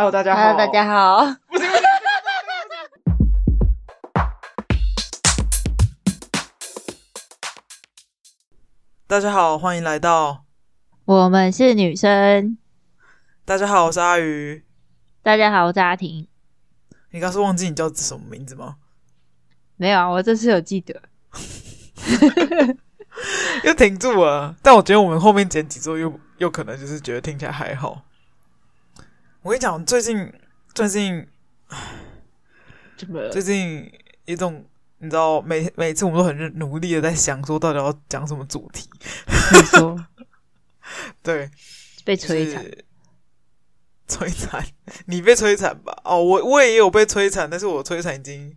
Hello，大家好。h e 大家好。大家好，歡迎來到我們是女生。大家好，我是阿魚。大家好，我是阿婷。你剛說忘記你叫什麼名字嗎？沒有啊，我這次有記得。 又停住了，但我覺得我們後面剪幾座又，又又可能就是覺得聽起來還好。我跟你講，最近最近，怎麼、嗯、最近一種你知道，每每次我們都很努力的在想，說到底要講什麼主題？你說， 對，被摧殘，摧殘、就是，你被摧殘吧？哦，我我也有被摧殘，但是我摧殘已經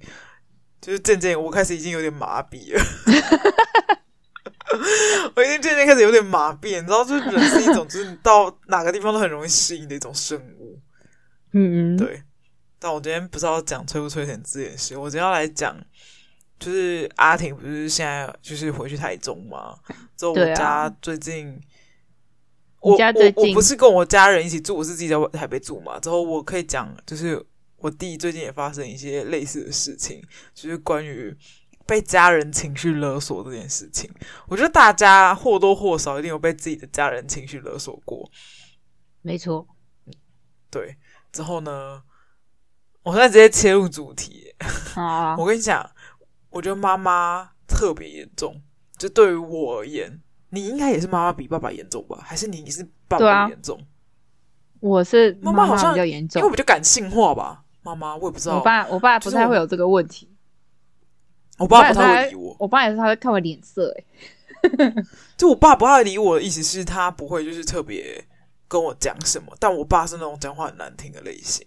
就是漸漸，我開始已經有點麻痹了。 我已經漸漸開始有點麻痹，你知道，就人是一種就是你到哪個地方都很容易適應的一種生物。嗯、嗯，對。但我今天不知道講催不催成自己的事，我今天要來講，就是阿婷不是現在就是回去台中嘛？之後我家最近，啊、我家我，我不是跟我家人一起住，我是自己在台北住嘛。之後我可以講，就是我弟最近也發生一些類似的事情，就是關於。被家人情緒勒索這件事情，我覺得大家或多或少一定有被自己的家人情緒勒索過。沒錯，對。之後呢，我現在直接切入主題。好好，我跟你講，我覺得媽媽特別嚴重。就對於我而言，你應該也是媽媽比爸爸嚴重吧？還是你，你是爸爸嚴重？啊。我是媽媽好像比較嚴重，因為我就感性化吧。媽媽，我也不知道。我爸，我爸不太會有這個問題。我爸不太會理我，我爸也是他會看我臉色。欸。 就我爸不愛理我的意思是他不會就是特別跟我講什麼，但我爸是那種講話很難聽的類型，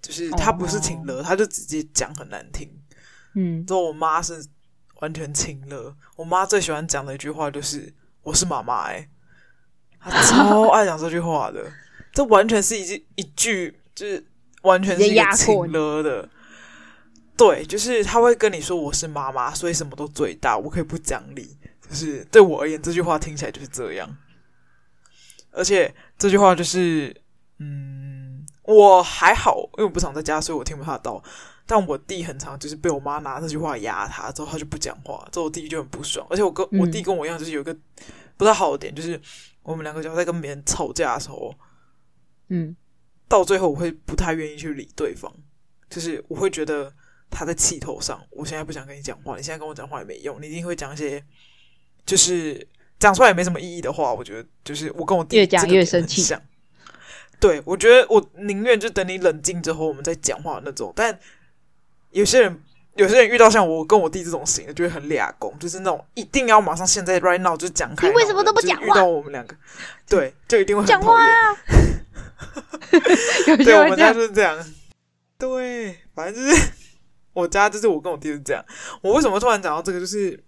就是他不是情勒，哦哦、他就直接講很難聽。嗯，所以我媽是完全情勒，我媽最喜歡講的一句話就是“我是媽媽”，欸。他超愛講這句話的。 這完全是一句一句就是完全是一個情勒的。對，就是他會跟你說：“我是媽媽，所以什麼都最大，我可以不講理。”就是對我而言，這句話聽起來就是這樣。而且這句話就是，嗯，我還好，因為我不常在家，所以我聽不太到。但我弟很常，就是被我媽拿這句話壓他，之後他就不講話。之後我弟弟就很不爽。而且我跟我弟跟我一樣，就是有一個不太好的點，就是我們兩個只要在跟別人吵架的時候，嗯，到最後我會不太願意去理對方，就是我會覺得。他在氣頭上，我現在不想跟你講話。你現在跟我講話也沒用，你一定會講一些就是講出來也沒什麼意義的話。我覺得就是我跟我弟越講越，越講越生氣。對，我覺得我寧願就等你冷靜之後，我們再講話那種。但有些人，有些人遇到像我跟我弟這種型的，就會很倆公，就是那種一定要馬上現在 right now 就講開。你為什麼都不講話？遇到我們兩個，對，就一定會講話 對，我們家是這樣。對，反正就是。我家就是我跟我弟弟是這樣。我為什麼突然講到這個？就是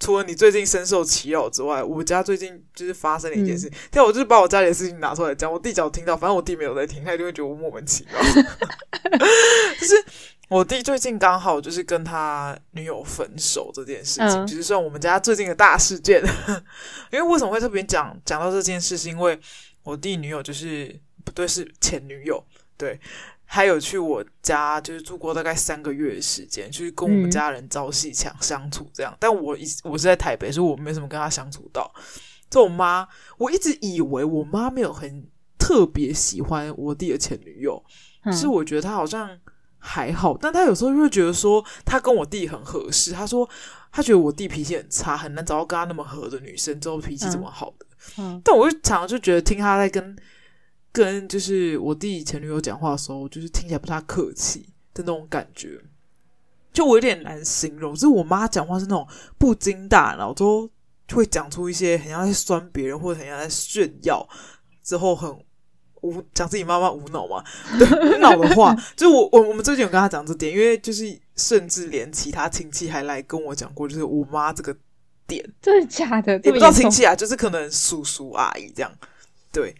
除了你最近深受其擾之外，我家最近就是發生了一件事。嗯、但我就是把我家裡的事情拿出來講，我弟只要聽到，反正我弟沒有在聽，他就會覺得我莫名其妙。 就是我弟最近剛好就是跟他女友分手這件事情，嗯、就是算我們家最近的大事件。因為為什麼會特別講講到這件事是因為我弟女友就是不對，是前女友，對。他有去我家，就是住過大概三個月的時間，就是跟我們家人朝夕相相處這樣。嗯、但我一我是在台北，所以我沒什麼跟他相處到。就我媽，我一直以為我媽沒有很特別喜歡我弟的前女友，嗯、是我覺得她好像還好。但她有時候就會覺得說，她跟我弟很合適。她說她覺得我弟脾氣很差，很難找到跟他那麼合的女生，之後脾氣這麼好的。嗯，嗯但我就常常就覺得聽她在跟。跟就是我弟前女友講話的時候，就是聽起來不太客氣的那種感覺，就我有點難形容。就是我媽講話是那種不經大腦就會講出一些很像在酸別人或者很像在炫耀，之後很無講自己媽媽無腦嘛，對，無腦的話， 就我我我們最近有跟她講這點，因為就是甚至連其他親戚還來跟我講過，就是我媽這個點，真的假的？也不知道親戚啊，就是可能叔叔阿姨這樣，對。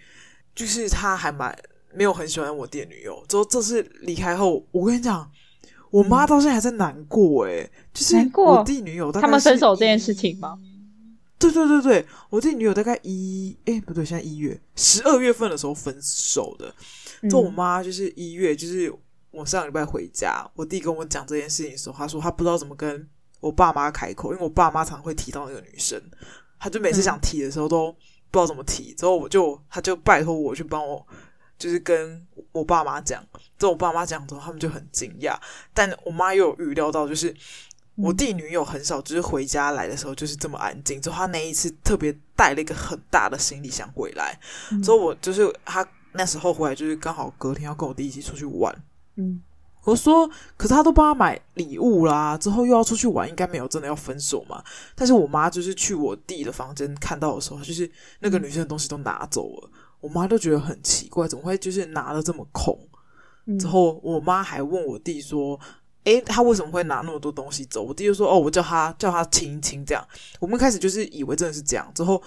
就是他還蠻沒有很喜歡我弟女友，之後這次離開後，我跟你講，我媽到現在還在難過誒、欸，嗯、就是我弟女友大概他們分手這件事情嗎？對對對對，我弟女友大概一哎、欸、不對，現在一月十二月份的時候分手的，就、嗯、我媽就是一月就是我上禮拜回家，我弟跟我講這件事情的時候，他說他不知道怎麼跟我爸媽開口，因為我爸媽常常會提到那個女生，他就每次想提的時候都。嗯不知道怎麼提，之後我就他就拜託我去幫我，就是跟我爸媽講。就我爸媽講之後，他們就很驚訝。但我媽又有預料到，就是我弟女友很少，就是回家來的時候就是這麼安靜。之後他那一次特別帶了一個很大的行李箱回來。嗯。之後我就是他那時候回來，就是剛好隔天要跟我弟一起出去玩。嗯。我說，可是他都幫他買禮物啦，之後又要出去玩，應該沒有真的要分手嘛。但是我媽就是去我弟的房間看到的時候，就是那個女生的東西都拿走了，我媽就覺得很奇怪，怎麼會就是拿得這麼空？之後我媽還問我弟說：“誒，他為什麼會拿那麼多東西走？”我弟就說：“哦，我叫他叫他親一親，這樣。”我們開始就是以為真的是這樣。之後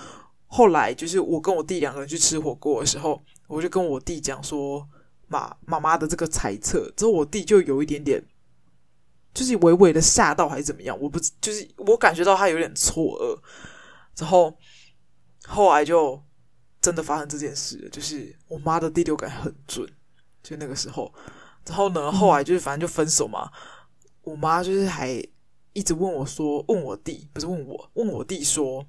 後來就是我跟我弟兩個人去吃火鍋的時候，我就跟我弟講說。媽媽媽的這個猜測之後，我弟就有一點點，就是微微的嚇到還是怎麼樣，我不知，就是我感覺到他有點錯愕，然後後來就真的發生這件事了，就是我媽的第六感很準，就那個時候，然後呢，後來就是反正就分手嘛，我媽就是還一直問我說，問我弟，不是問我，問我弟說。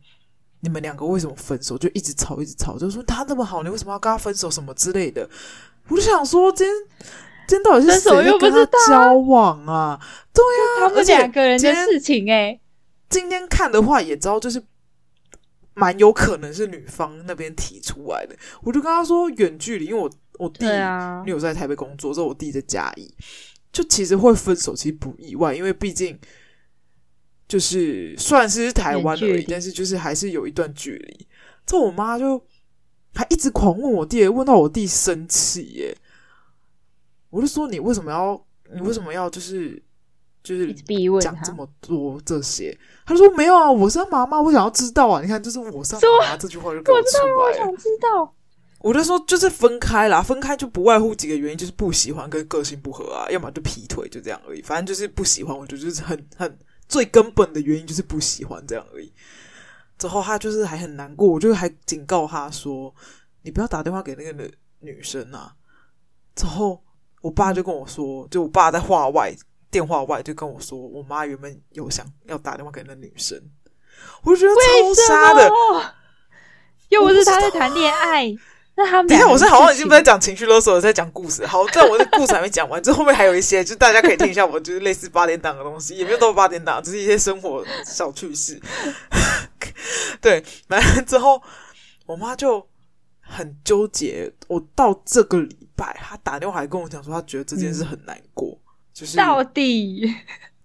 你們兩個為什麼分手？就一直吵，一直吵，就說他那麼好，你為什麼要跟他分手？什麼之類的。我就想說，今天今天到底是誰跟他交往啊？對啊，他們兩個人的事情哎。今天看的話，也知道就是蠻有可能是女方那邊提出來的。我就跟他說，遠距離，因為我我弟女友啊在台北工作，之後我弟在嘉義，就其實會分手，其實不意外，因為畢竟。就是算是台灣而已，但是就是還是有一段距離。這我媽就還一直狂問我弟，問到我弟生氣耶。我就說你為什麼要，你為什麼要就是、嗯、就是講這麼多這些？他就說沒有啊，我是媽媽，我想要知道啊。你看，就是我是媽媽這句話就給我明白。我想知道。我就說就是分開啦，分開就不外乎幾個原因，就是不喜歡跟個性不合啊，要麼就劈腿，就這樣而已。反正就是不喜歡，我覺得就是很很。最根本的原因就是不喜歡這樣而已。之後他就是還很難過，我就還警告他說：“你不要打電話給那個女女生啊。”之後我爸就跟我說，就我爸在話外，電話外就跟我說，我媽原本有想要打電話給那個女生，我覺得超瞎的，又不是他在談戀愛。等一下，我是好像已經不再講情緒勒索了，在講故事。好，在我的故事還沒講完，這 後面還有一些，就大家可以聽一下我，我就是類似八點檔的東西，也沒有到八點檔，就是一些生活小趣事。 對，完了之後，我媽就很糾結。我到這個禮拜，她打電話還跟我講說，她覺得這件事很難過，嗯、就是到底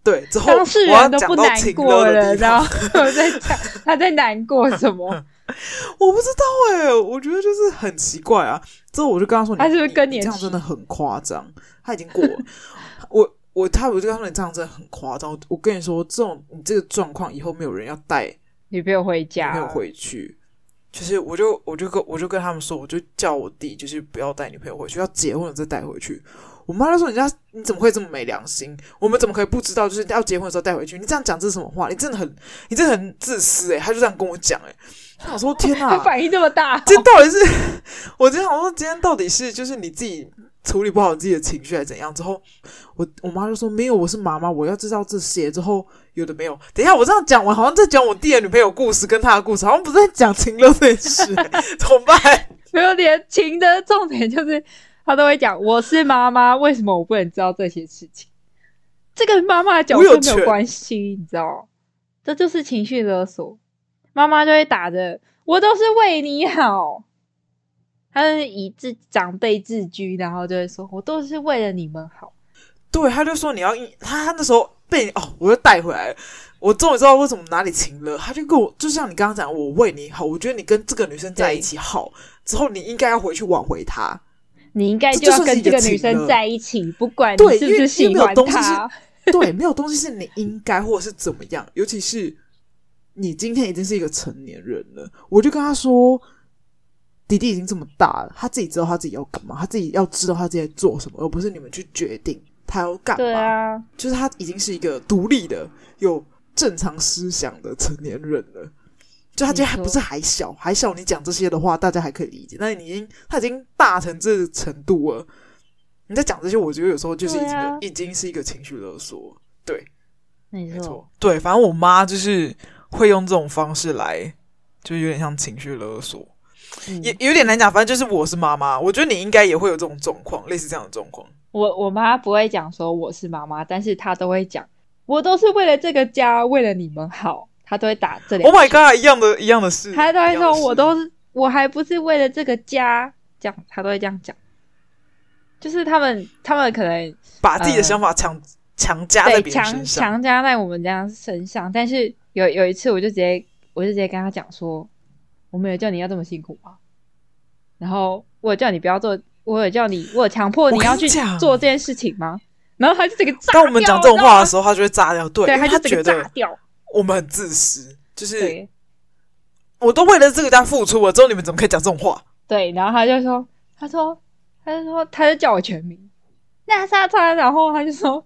對，之後我要講到情了，然後我在講，她在難過什麼。 我不知道哎、欸，我覺得就是很奇怪啊。之後我就跟他說你：“你、啊、是不是更年期？你這樣真的很誇張，他已經過了。 我”我我他我就跟他說，你，這樣真的很誇張。我跟你說，這種你這個狀況，以後沒有人要帶女朋友回家，沒有回去，就是我就我就跟我就跟他們說，我就叫我弟，就是不要帶女朋友回去，要結婚了再帶回去。我媽就說你：“人家你怎麼會這麼沒良心？我們怎麼可以不知道？就是要結婚的時候帶回去。你這樣講這是什麼話？你真的很，你真的很自私誒、欸。她就這樣跟我講誒、欸。她說：“天哪、啊，反應這麼大、哦，這到底是……”我就想說，今天到底是就是你自己處理不好你自己的情緒，還是怎樣？之後我我媽就說：“沒有，我是媽媽，我要知道這些。”之後有的沒有。等一下，我這樣講完，好像在講我弟的女朋友故事跟他的故事，好像不是在講情侶的事、欸， 怎麼辦？沒有點情的重點就是。他都會講，我是媽媽，為什麼我不能知道這些事情？這跟媽媽的角度沒有關係，你知道，這就是情緒勒索。媽媽就會打着我都是為你好，他就是以自長輩自居，然後就會說：“我都是為了你們好。”對，他就說你要他他那時候被哦，我又帶回來了，我終於知道為什麼哪裡情了。他就跟我，就像你剛剛講，我為你好，我覺得你跟這個女生在一起好對之後，你應該要回去挽回她。你應該就要跟這個女生在一起，就一不管你是不是喜歡他，對，沒有東西， 對，沒有東西是你應該，或者是怎麼樣？尤其是你今天已經是一個成年人了，我就跟他說：“弟弟已經這麼大了，他自己知道他自己要幹嘛，他自己要知道他自己在做什麼，而不是你們去決定他要幹嘛。對啊！”就是他已經是一個獨立的、有正常思想的成年人了。就他今天還不是還小，沒錯，還小你講這些的話，大家還可以理解。但是你已經他已經大成這程度了，你在講這些，我覺得有時候就是已經、啊、已經是一個情緒勒索，對，沒錯沒錯，對。反正我媽就是會用這種方式來，就有點像情緒勒索，嗯、也有點難講。反正就是我是媽媽，我覺得你應該也會有這種狀況，類似這樣的狀況。我我媽不會講說我是媽媽，但是她都會講，我都是為了這個家，為了你們好。他都會打這裡。Oh my god，一樣的一樣的事。他都會說，我都是，我還不是為了這個家，這樣他都會這樣講。就是他們，他們可能把自己的想法強、呃、強，強加在強強加在我們這樣身上。但是有有一次，我就直接，我就直接跟他講說，我沒有叫你要這麼辛苦吧。然後我有叫你不要做，我有叫你，我有強迫你要去做這件事情嗎？然後他就這個。當我們講這種話的時候，他就會炸掉。對，他就覺得炸掉。我們很自私，就是對我都為了這個家付出了，之後你們怎麼可以講這種話？對，然後他就說，他說，他就說，他就叫我全名，他殺他，然後他就說，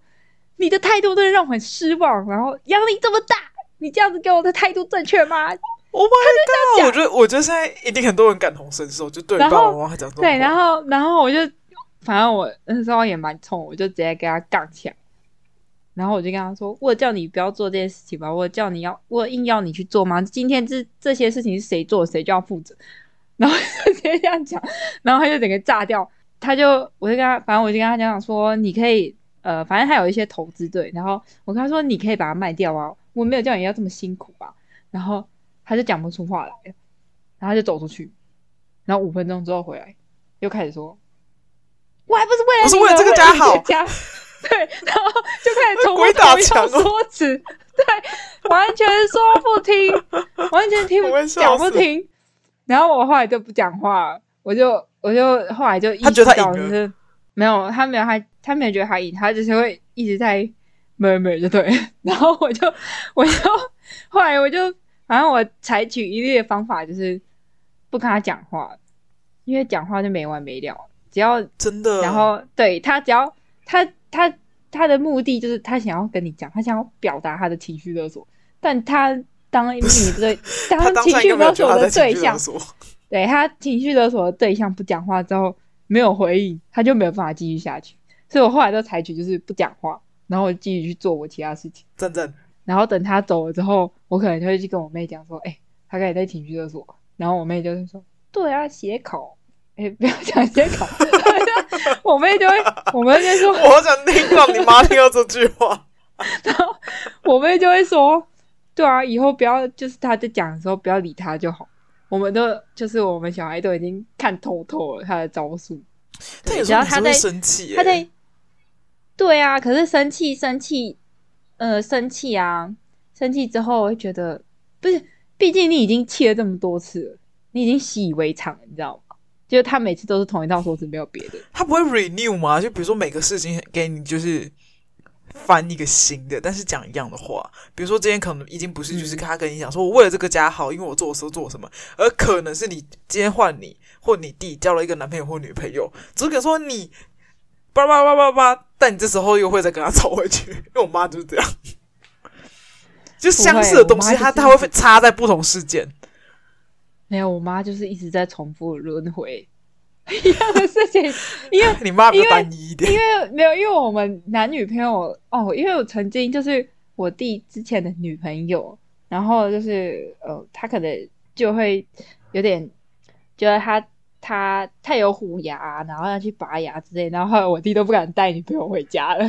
你的態度真的讓我很失望，然後壓力這麼大，你這樣子給我的態度正確嗎？我不、oh、my 他就這樣講。我覺得我覺得現在一定很多人感同身受，就對爸爸媽媽講。對，然後然後我就反正我那時候也蠻衝，我就直接跟他槓搶。然後我就跟他說：“我叫你不要做這些事情吧，我叫你要，我硬要你去做嗎？今天這這些事情是誰做，誰就要負責。”然後就直接這樣講，然後他就整個炸掉。他就，我就跟他，反正我就跟他講講說：“你可以，呃，反正他有一些投資對，然後我跟他說你可以把它賣掉啊，我沒有叫你要這麼辛苦吧？”然後他就講不出話來，然後他就走出去，然後五分鐘之後回來，又開始說：“我還不是為了，我是為了這個家好。家”對，然後就開始從頭到尾說辭， 對，完全說不聽， 完全聽不我講不聽。然後我後來就不講話了，我就我就後來就一直講，就是沒有他沒有他他沒有覺得他贏，他只是會一直在沒沒就對。然後我就我就後來我就反正我採取一律的方法，就是不跟他講話，因為講話就沒完沒了，只要，真的啊，然後對他只要他。他他的目的就是他想要跟你講，他想要表達他的情緒勒索，但他當你對，當他情緒勒索的對象，對他情緒勒索的對象不講話之後沒有回應，他就沒有辦法繼續下去。所以我後來就採取就是不講話，然後我繼續去做我其他事情。正正。然後等他走了之後，我可能就會去跟我妹講說：“哎、欸，他剛才在情緒勒索。”然後我妹就是說：“對啊，借口。”哎，不要講借口。 我妹就會，我妹就會說，我好想聽到你媽聽到這句話。然 後 我妹就會說：“對啊，以後不要，就是他在講的時候不要理他就好。”我們都就是我們小孩都已經看透透了他的招數。只要他，、欸、他在生氣，她在。對啊，可是生氣，生氣，呃，生氣啊，生氣之後我會覺得，不是，畢竟你已經氣了這麼多次了，你已經習以為常了，你知道嗎？就是他每次都是同一套說辭，沒有別的。他不會 renew 嗎？就比如說每個事情給你就是翻一個新的，但是講一樣的話。比如說今天可能已經不是，就是跟他跟你講說我為了這個家好，嗯、因為我做我時候做什麼，而可能是你今天換你或你弟交了一個男朋友或女朋友，只敢說你叭叭叭叭叭，但你這時候又會再跟他吵回去。因為我媽就是這樣，會就相似的東西，他他會插在不同事件。沒有，我媽就是一直在重複輪迴 一樣的事情，因為 你媽比較單一點，因為因為沒有，因為我們男女朋友哦，因為我曾經就是我弟之前的女朋友，然後就是呃、哦，他可能就會有點覺得他他他有虎牙，然後要去拔牙之類的，然後後來我弟都不敢帶女朋友回家了。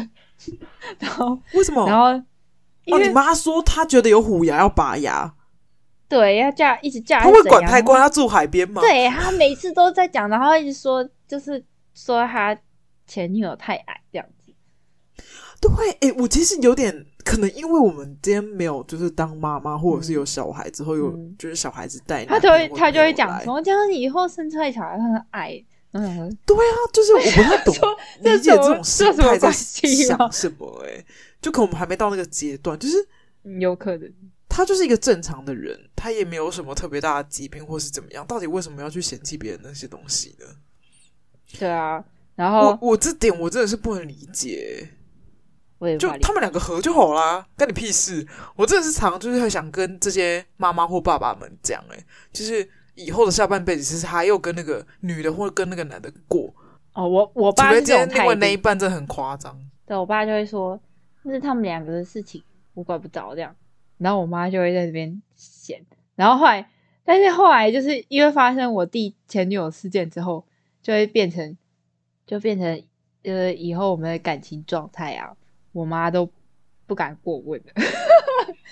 然後為什麼？然後因為哦，你媽說她覺得有虎牙要拔牙。對，要嫁一直嫁他怎樣？他會管太寬，後他住海邊嘛。對，他每次都在講，然後一直說，就是說他前女友太矮這樣子。對，哎，我其實有點可能，因為我們今天沒有就是當媽媽，或者是有小孩之後、嗯、有就是小孩子帶。他就會他就會講，我講以後生出來小孩，他很矮。嗯，對啊，就是我不太懂理解這怎麼是什麼關係，想什麼、欸？哎，就可能我們還沒到那個階段，就是有可能。他就是一個正常的人，他也沒有什麼特別大的疾病或是怎麼樣。到底為什麼要去嫌棄別人那些東西呢？對啊，然後我我這點我真的是不能理解。我也就他們兩個合就好啦，幹你屁事！對，我真的是常常就是很想跟這些媽媽或爸爸們講，欸，誒，就是以後的下半輩子，其實還有跟那個女的或跟那個男的過。哦，我我爸這種，因為那一半真的很誇張。對，我爸就會說那是他們兩個的事情，我管不着這樣。然後我媽就會在那邊嫌，然後後來，但是後來就是因為發生我弟前女友事件之後，就會變成，就變成呃，以後我們的感情狀態啊，我媽都不敢過問了，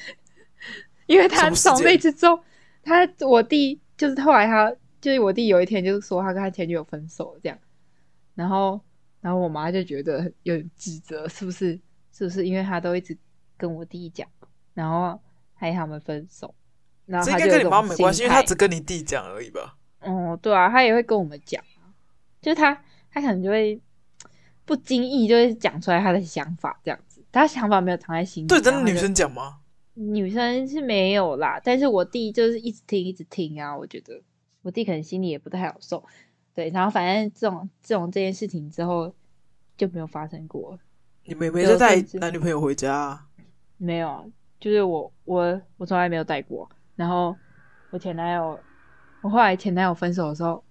因為他從妹之中，他我弟就是後來他就是我弟有一天就是說他跟他前女友分手這樣，然後然後我媽就覺得有點指責，是不是？是不是？因為他都一直跟我弟講。然後還他們分手，然後這應該跟你媽、媽沒關係，因為他只跟你弟講而已吧。哦，對啊，他也會跟我們講，就他他可能就會不經意就會講出來他的想法這樣子，他想法沒有藏在心裡。對，真的女生講嗎？女生是沒有啦，但是我弟就是一直聽一直聽啊。我覺得我弟可能心裡也不太好受。對，然後反正這種這種這件事情之後就沒有發生過。你沒沒帶男女朋友回家？啊？沒有。就是我，我，我從來沒有帶過。然後我前男友，我後來前男友分手的時候，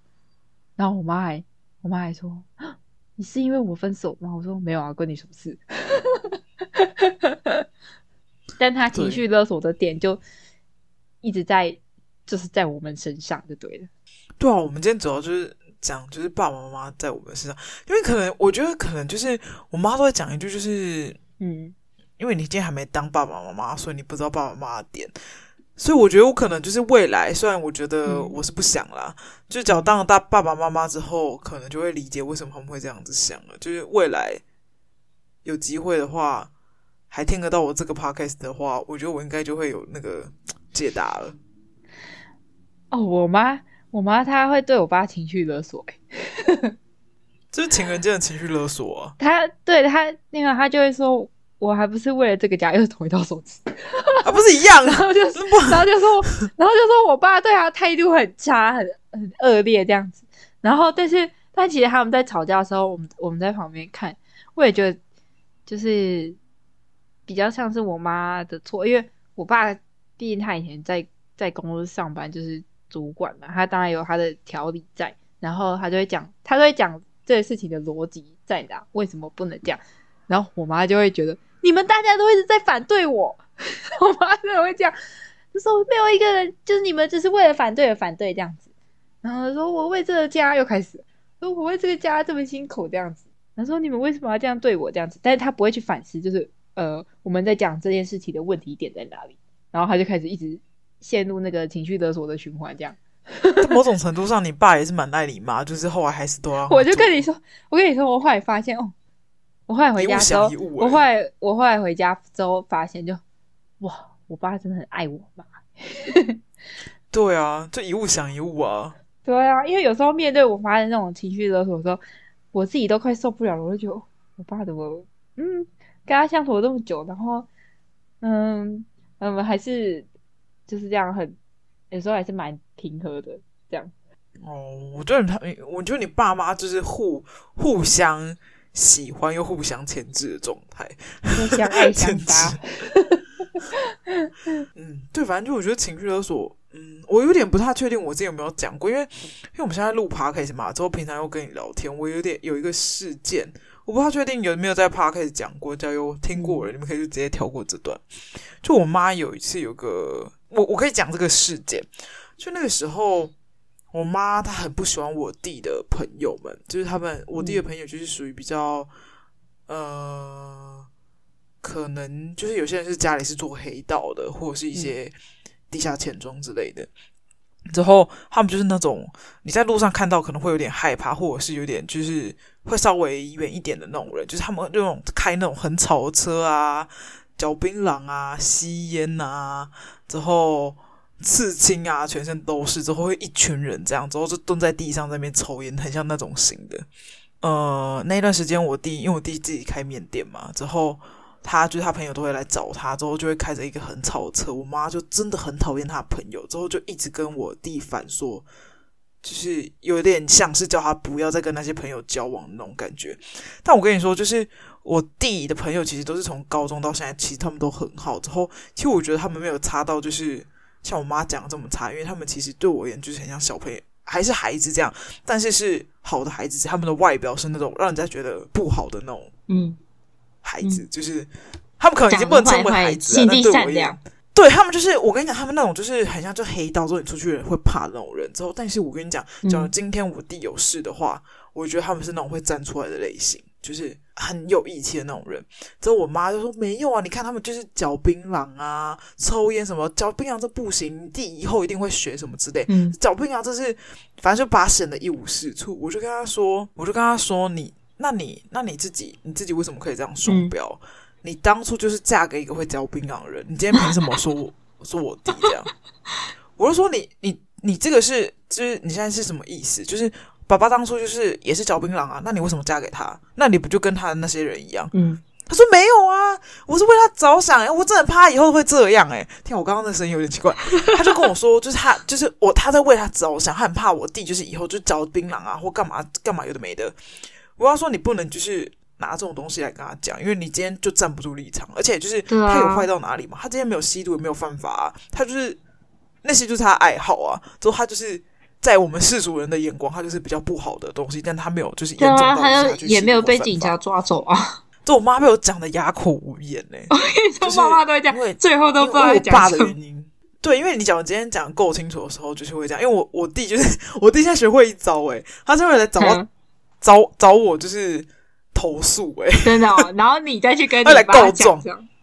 然後我媽還，我媽還說：“你是因為我分手嗎？”我說：“沒有啊，關你什麼事。 ”但她情緒勒索的點就一直在，對就是在我們身上，就對了。對啊，我們今天主要就是講，就是爸爸媽媽在我們身上，因為可能我覺得可能就是我媽都在講一句，就是嗯。因為你今天還沒當爸爸媽媽，所以你不知道爸爸媽媽的點，所以我覺得我可能就是未來。雖然我覺得我是不想啦，嗯、就只要當了大爸爸媽媽之後，可能就會理解為什麼他們會這樣子想了。就是未來有機會的話，還聽得到我這個 podcast 的話，我覺得我應該就會有那個解答了。哦，我媽，我媽她會對我爸情緒勒索、欸， 就是情人間的情緒勒索、啊她。她對她那個，她就會說。我還不是為了這個家，又是同一套手機， 啊，不是一樣， 然後就是 然後就說，然後就說，我爸對他態度很差，很很惡劣這樣子。然後，但是，但其實他們在吵架的時候，我們我們在旁邊看，我也覺得就是比較像是我媽的錯，因為我爸畢竟他以前在在公司上班，就是主管嘛，他當然有他的條理在。然後他就會講，他就會講這個事情的邏輯在哪，為什麼不能這樣。然後我媽就會覺得。你們大家都一直在反對我， 我媽真的會這樣？就說沒有一個人，就是你們只是為了反對而反對這樣子。然後說我為這個家又開始，說我為這個家這麼辛苦這樣子。然後說你們為什麼要這樣對我這樣子？但是他不會去反思，就是呃我們在講這件事情的問題點在哪裡。然後他就開始一直陷入那個情緒勒索的循環這樣。 在某種程度上，你爸也是蠻愛你媽，就是後來還是多啦。我就跟你說，我跟你說，我後來發現哦。我後來回家之後，欸、我後來我後來回家之後發現就，就哇，我爸真的很愛我媽。 對啊，就一物降一物啊。對啊，因為有時候面對我媽的那種情緒的時候，我說我自己都快受不了了。我就覺得我爸怎麼，嗯，跟他相處了這麼久，然後嗯，我、嗯、們還是就是這樣很，很有時候還是蠻平和的這樣。哦，oh, 我真的很，我覺得你爸媽就是互互相。喜歡又互相牽制的狀態，互相牽制。嗯，對，反正就我覺得情緒勒索，嗯，我有點不太確定我自己有沒有講過，因為因為我們現在錄 podcast 嘛，之後平常又跟你聊天，我有點有一個事件，我不太確定有沒有在 podcast 講過，叫又聽過了，嗯、你們可以就直接跳過這段。就我媽有一次有個，我我可以講這個事件，就那個時候。我媽她很不喜歡我弟的朋友們，就是他們，我弟的朋友就是屬於比較，嗯、呃，可能就是有些人是家裡是做黑道的，或者是一些地下錢莊之類的。嗯、之後他們就是那種你在路上看到可能會有點害怕，或者是有點就是會稍微遠一點的那種人，就是他們那種開那種很吵的車啊、嚼檳榔啊、吸煙啊，之後。刺青啊，全身都是之後，會一群人這樣，之後就蹲在地上在那邊抽煙，很像那種型的。呃，那一段時間我弟，因為我弟自己開麵店嘛，之後他就是他朋友都會來找他，之後就會開着一個很吵的車。我媽就真的很討厭他的朋友，之後就一直跟我弟反說，就是有點像是叫他不要再跟那些朋友交往的那種感覺。但我跟你說，就是我弟的朋友其實都是從高中到現在，其實他們都很好。之後，其實我覺得他們沒有差到就是。像我媽講的這麼差，因為他們其實對我而言就是很像小朋友，還是孩子這樣，但是是好的孩子，他們的外表是那種讓人家覺得不好的那種嗯，嗯，孩子就是他們可能已經不能成為孩子，啊，了，心地善良。對他們就是我跟你講，他們那種就是很像就黑道，說你出去人會怕那種人之後，但是我跟你講，假如今天我弟有事的話，嗯、我覺得他們是那種會站出來的類型。就是很有義氣的那種人，之後我媽就說：“沒有啊，你看他們就是嚼檳榔啊，抽煙什麼，嚼檳榔這不行，你弟以後一定會學什麼之類，嚼檳榔這是，反正就把他顯得一無是處。”我就跟他說：“我就跟他說，你，那你，那你自己，你自己為什麼可以這樣說？不要、嗯，你當初就是嫁給一個會嚼檳榔的人，你今天憑什麼說我 說我弟這樣？我就說你，你，你這個是，就是你現在是什麼意思？就是。”爸爸當初就是也是嚼檳榔啊，那你為什麼嫁給他？那你不就跟他的那些人一樣？嗯，他說沒有啊，我是為他着想哎、欸，我真的很怕他以後會這樣哎、欸。聽、啊、我剛剛那聲音有點奇怪， 他就跟我說，就是他就是我他在為他着想，他很怕我弟就是以後就嚼檳榔啊或幹嘛幹嘛有的沒的。我要說你不能就是拿這種東西來跟他講，因為你今天就站不住立場，而且就是他有壞到哪裡嘛，他今天沒有吸毒也沒有犯法、啊，他就是那些就是他愛好啊，之後他就是。在我們世俗人的眼光，他就是比較不好的東西，但他沒有就是嚴重到，啊、他也沒有被警察抓走啊。這我媽被我講的啞口無言呢、欸。我跟你說，媽媽都會講，最後都不會講。因為我爸的原因， 對，因為你講我今天講夠清楚的時候，就是會這樣，因為我我弟就是我弟現在學會一招哎、欸，他是為了來找找找、嗯、我就是投訴哎、欸，真的，然後你再去跟他來告狀。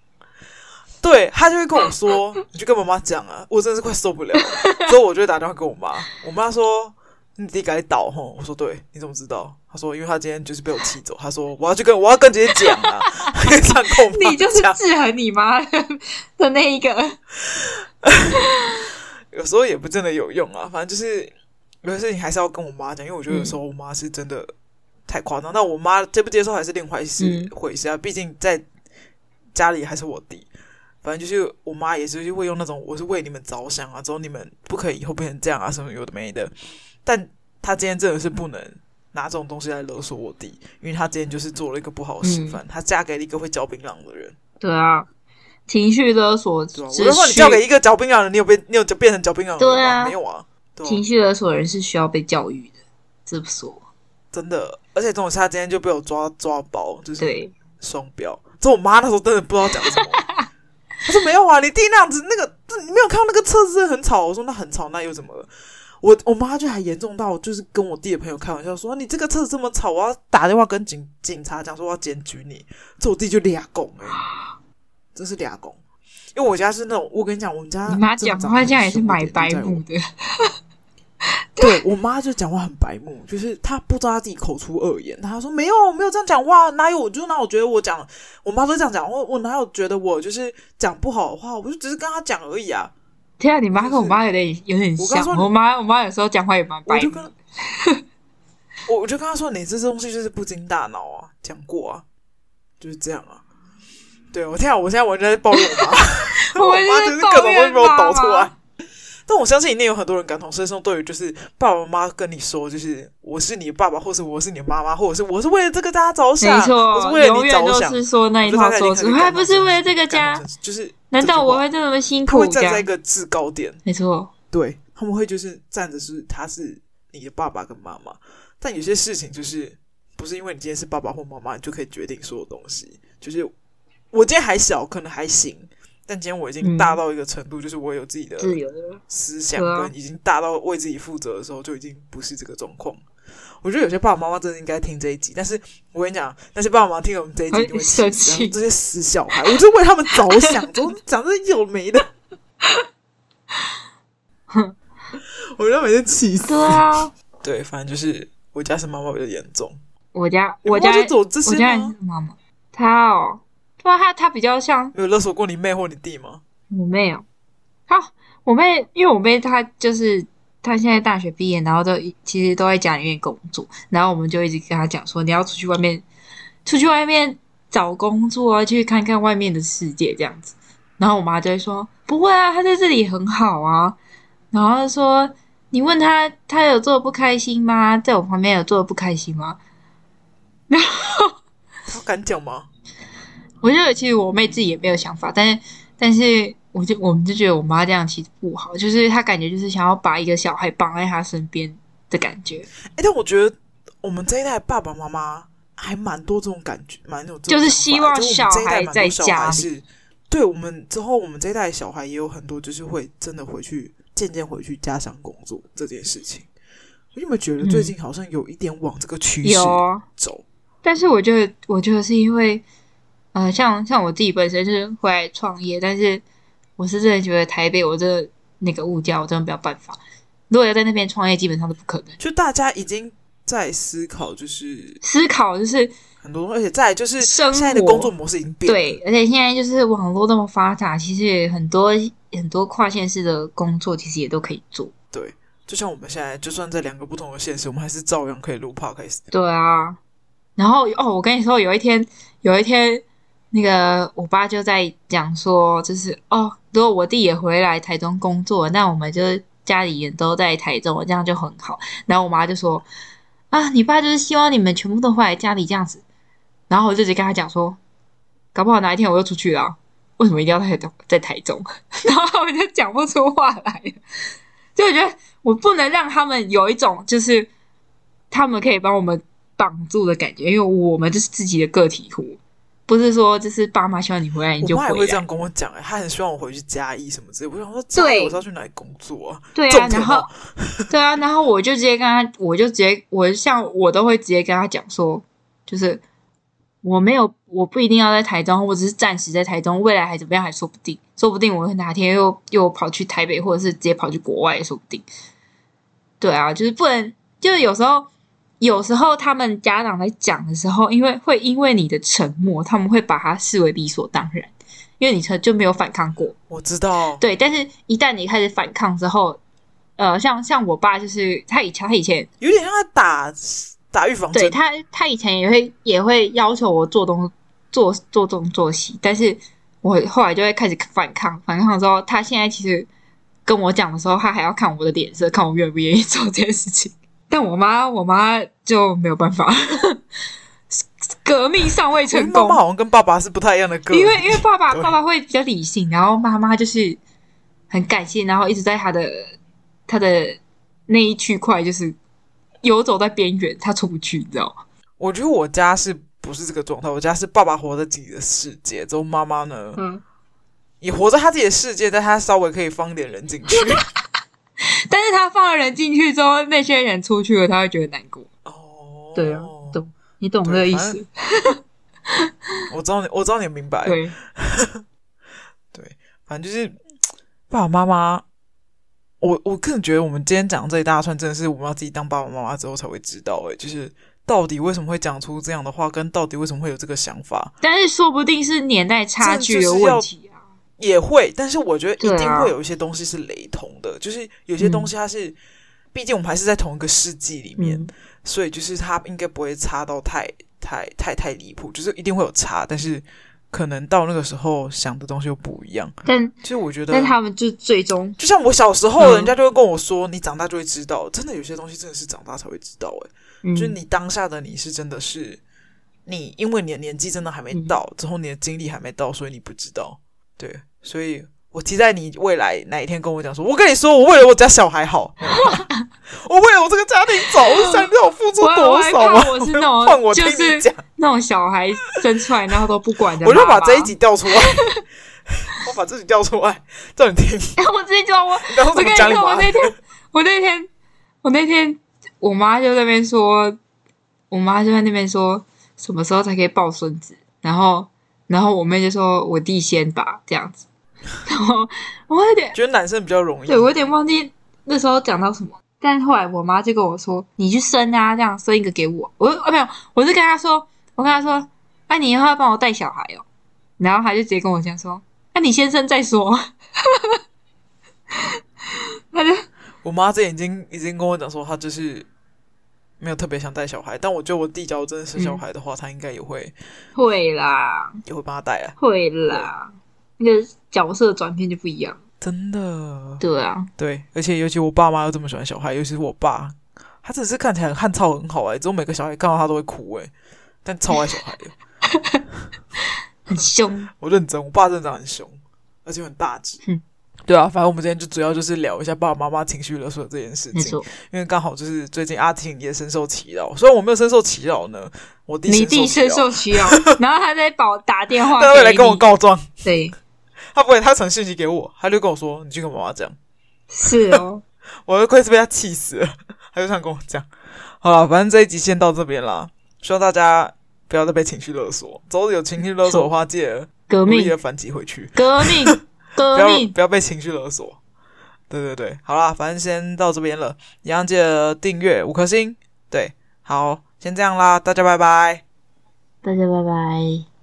對，他就會跟我說：“ 你就跟我媽講啊！”我真的是快受不了了， 所以我就會打電話給我媽。我媽說 ：“你自己改倒吼。”我說：“對，你怎麼知道？”他說：“因為他今天就是被我氣走。” 他說：“我要去跟我要跟姐姐講啊， 上控。”你就是制衡你媽的那一個， 有時候也不真的有用啊。反正就是有些事情還是要跟我媽講，因為我覺得有時候我媽是真的太誇張。但、嗯、我媽接不接受還是另外一回事啊。畢、嗯、竟在家裡還是我弟。反正就是我媽也是就會用那種我是為你們着想啊，之後你們不可以以後變成這樣啊什麼有的沒的。但她今天真的是不能拿這種東西來勒索我弟，因為她今天就是做了一個不好的示範，她、嗯、嫁給了一個會嚼檳榔的人。對啊，情緒勒索。我不是說你嫁給一個嚼檳榔的人，你有被你有就變成嚼檳榔人了嗎？對啊、沒有啊。對啊情緒勒索的人是需要被教育的，這不說真的。而且這種事她今天就被我抓抓包，就是雙標。對這我媽那時候真的不知道講什麼。 他說沒有啊，你弟那樣子，那個你沒有看到那個車子很吵。我說那很吵，那又怎麼了？我我媽就還嚴重到就是跟我弟的朋友開玩笑說：“你這個車子這麼吵，我要打電話跟警警察講，說我要檢舉你。”這我弟就倆拱哎，真是倆拱，因為我家是那種，我跟你講，我們家你媽講，我家也是買白木的。對 我媽就講話很白目，就是她不知道她自己口出惡言。她說沒有沒有這樣講話，哪有？我就那我覺得我講，我媽都這樣講。我我哪有覺得我就是講不好的話？我就只是跟她講而已啊。天啊，你媽跟我媽有點有點像。我媽我媽有時候講話也蠻白目的。我就跟我就跟她說，你這東西就是不經大腦啊，講過啊，就是這樣啊。對我天啊，我現在，在 我就在抱怨我媽，我媽就是各種東西被我抖出來。但我相信裡面有很多人感同身受，對於就是爸爸媽媽跟你說，就是我是你的爸爸，或是我是你媽媽，或者是我是為了這個大家着想，沒錯我是為了你着想，是說那一套說辭，我我還不是為了這個家？就是難道我會這麼辛苦？會站在一個制高點，沒錯錯，對，他們會就是站着是他是你的爸爸跟媽媽，但有些事情就是不是因為你今天是爸爸或媽媽，你就可以決定所有東西。就是我今天還小，可能還行。但今天我已經大到一個程度，嗯、就是我有自己的思想，跟已經大到為自己負責的時候，就已經不是這個狀況。啊、我覺得有些爸爸媽媽真的應該聽這一集。但是我跟你講，那些爸爸媽媽聽了我們這一集就會氣死、欸、生氣，這些死小孩，我就為他們着想，總想着有沒的， 我覺得每天氣死。對啊，對，反正就是我家是媽媽比較嚴重我，我家、欸、我家我，走我家也是媽媽，他哦。不啊，他他比較像。有勒索過你妹或你弟嗎？我妹哦，好，我妹，因為我妹她就是她現在大學畢業，然後都其實都在家裡面工作，然後我們就一直跟她講說你要出去外面，出去外面找工作啊，去看看外面的世界這樣子。然後我媽就會說不會啊，她在這裡很好啊。然後說你問他，他有做的不開心嗎？在我旁邊有做的不開心嗎？然後他敢講嗎？ 我覺得其實我妹自己也沒有想法，但是但是我就我們就覺得我媽這樣其實不好，就是她感覺就是想要把一個小孩綁在她身邊的感覺。哎、欸，但我覺得我們這一代的爸爸媽媽還蠻多這種感覺，蠻那種就是希望小孩在家裡是。對我們之後，我們這一代的小孩也有很多，就是會真的回去，漸漸回去家鄉工作這件事情。你有沒有覺得最近好像有一點往這個趨勢走？嗯哦、但是我覺得，我覺得是因為。呃，像像我自己本身就是回來創業，但是我是真的覺得台北我這，那個、我真的那個物價，我真的沒有辦法。如果要在那邊創業，基本上都不可能。就大家已經在思考，就是思考，就是很多，而且再來就是生活現在的工作模式已經變了。對，而且現在就是網絡那麼發達，其實很多很多跨縣市的工作，其實也都可以做。對，就像我們現在，就算在兩個不同的縣市，我們還是照樣可以錄 podcast 對啊，然後哦，我跟你說，有一天，有一天。那個我爸就在講說，就是哦，如果我弟也回來台中工作，那我們就家裡人都在台中，這樣就很好。然後我媽就說，啊，你爸就是希望你們全部都回來家裡這樣子。然後我就直接跟他講說，搞不好哪一天我又出去了，為什麼一定要在台在台中？然後我就講不出話來，就我覺得我不能讓他們有一種就是他們可以幫我們綁住的感覺，因為我們就是自己的個體戶。不是說就是爸媽希望你回來你就回來，我媽也會這樣跟我講、欸、他她很希望我回去嘉義什麼之類。我想說，對，我要去哪裡工作，啊？對啊，然後 對啊，然後我就直接跟他，我就直接我像我都會直接跟他講說，就是我沒有，我不一定要在台中，我只是暫時在台中，未來還怎麼樣還說不定，說不定我哪天又又跑去台北，或者是直接跑去國外，說不定。對啊，就是不能，就是有時候。有時候他們家長在講的時候，因為會因為你的沉默，他們會把它視為理所當然，因為你就就沒有反抗過。我知道，對。但是一旦你開始反抗之後，呃，像像我爸就是他以前他以前有點像他打打預防針，對他他以前也會也會要求我做東做做東做西，但是我後來就會開始反抗，反抗之後，他現在其實跟我講的時候，他還要看我的臉色，看我願不願意做這件事情。.但我媽，我媽就沒有辦法， 革命尚未成功。我媽媽好像跟爸爸是不太一樣的歌，因為因為爸爸對爸爸會比較理性，然後媽媽就是很感性，然後一直在他的他的那一區塊，就是遊走在邊緣，他出不去，你知道嗎？我覺得我家是不是這個狀態？我家是爸爸活在自己的世界，然後媽媽呢，嗯，也活在他自己的世界，但他稍微可以放點人進去。 但是他放了人進去之後，那些人出去了，他會覺得難過。哦，oh, 對啊，懂，你懂這個意思。 我知道你，我知道你明白。對， 對，反正就是爸爸媽媽，我我個人覺得，我們今天講這一大串，真的是我們要自己當爸爸媽媽之後才會知道、欸。哎，就是到底為什麼會講出這樣的話，跟到底為什麼會有這個想法？但是說不定是年代差距的問題。也會，但是我覺得一定會有一些東西是雷同的，啊、就是有些東西它是，嗯、畢竟我們還是在同一個世紀裡面，嗯、所以就是它應該不會差到太太，太太太離譜，就是一定會有差，但是可能到那個時候想的東西又不一樣。但其實我覺得但，但他們就最終就像我小時候，人家就會跟我說：“嗯、你長大就會知道。”真的有些東西真的是長大才會知道、欸。哎、嗯，就是你當下的你是真的是你，因為你的年紀真的還沒到，嗯、之後你的經歷還沒到，所以你不知道。對。所以，我期待你未來哪一天跟我講說，我跟你說，我為了我家小孩好，我、我為了我這個家庭着想，你知道我付出多少嗎、啊？我、我、我、我是那種，我就、我就是那種小孩生出來然後都不管的。 我就把這一集調出來，我把這一集調出來叫你聽。我自己就我， 我跟你講，我那天，我那天，我那天，我媽就在那邊說，我媽就在那邊說，什麼時候才可以抱孫子？然後，然後我妹就說我弟先吧，這樣子。 我有點覺得男生比較容易，對，我有點忘記那時候講到什麼。 但後來我媽就跟我說：“你去生啊，這樣生一個給我。我”我我沒有，我就跟她說：“我跟她說，那、啊、你以後要幫我帶小孩哦。”然後她就直接跟我講說：“那、啊、你先生再說。 就”她就我媽這已經已經跟我講說，她就是沒有特別想帶小孩。但我覺得我弟假如真的生小孩的話，他、嗯、應該也會會啦，也會幫他帶啊，會啦。那個角色轉變就不一樣，真的。對啊，對，而且尤其我爸媽又這麼喜歡小孩，尤其是我爸，他只是看起來很漢草，很好哎、欸，之後每個小孩看到他都會哭哎、欸，但超愛小孩的， 很凶。 我認真，我爸認真很凶，而且很大只。嗯、對啊，反正我們今天就主要就是聊一下爸爸媽媽情緒勒索這件事情，錯因為剛好就是最近阿婷也深受其擾，所以我沒有深受其擾呢，我弟你弟深受其擾， 然後他在寶打電話，他會 來跟我告狀，對。他不會，他傳信息給我，他就跟我說：“你去跟媽媽講。”是哦， 我都快是被他氣死了。他就這樣跟我講：“好了，反正這一集先到這邊了。希望大家不要再被情緒勒索。周日有情緒勒索的話，記得革命的反擊回去。革命，革命， 不要，不要被情緒勒索。對對對，好啦。反正先到這邊了。一樣記得訂閱五顆星。對，好，先這樣啦，大家拜拜，大家拜拜。”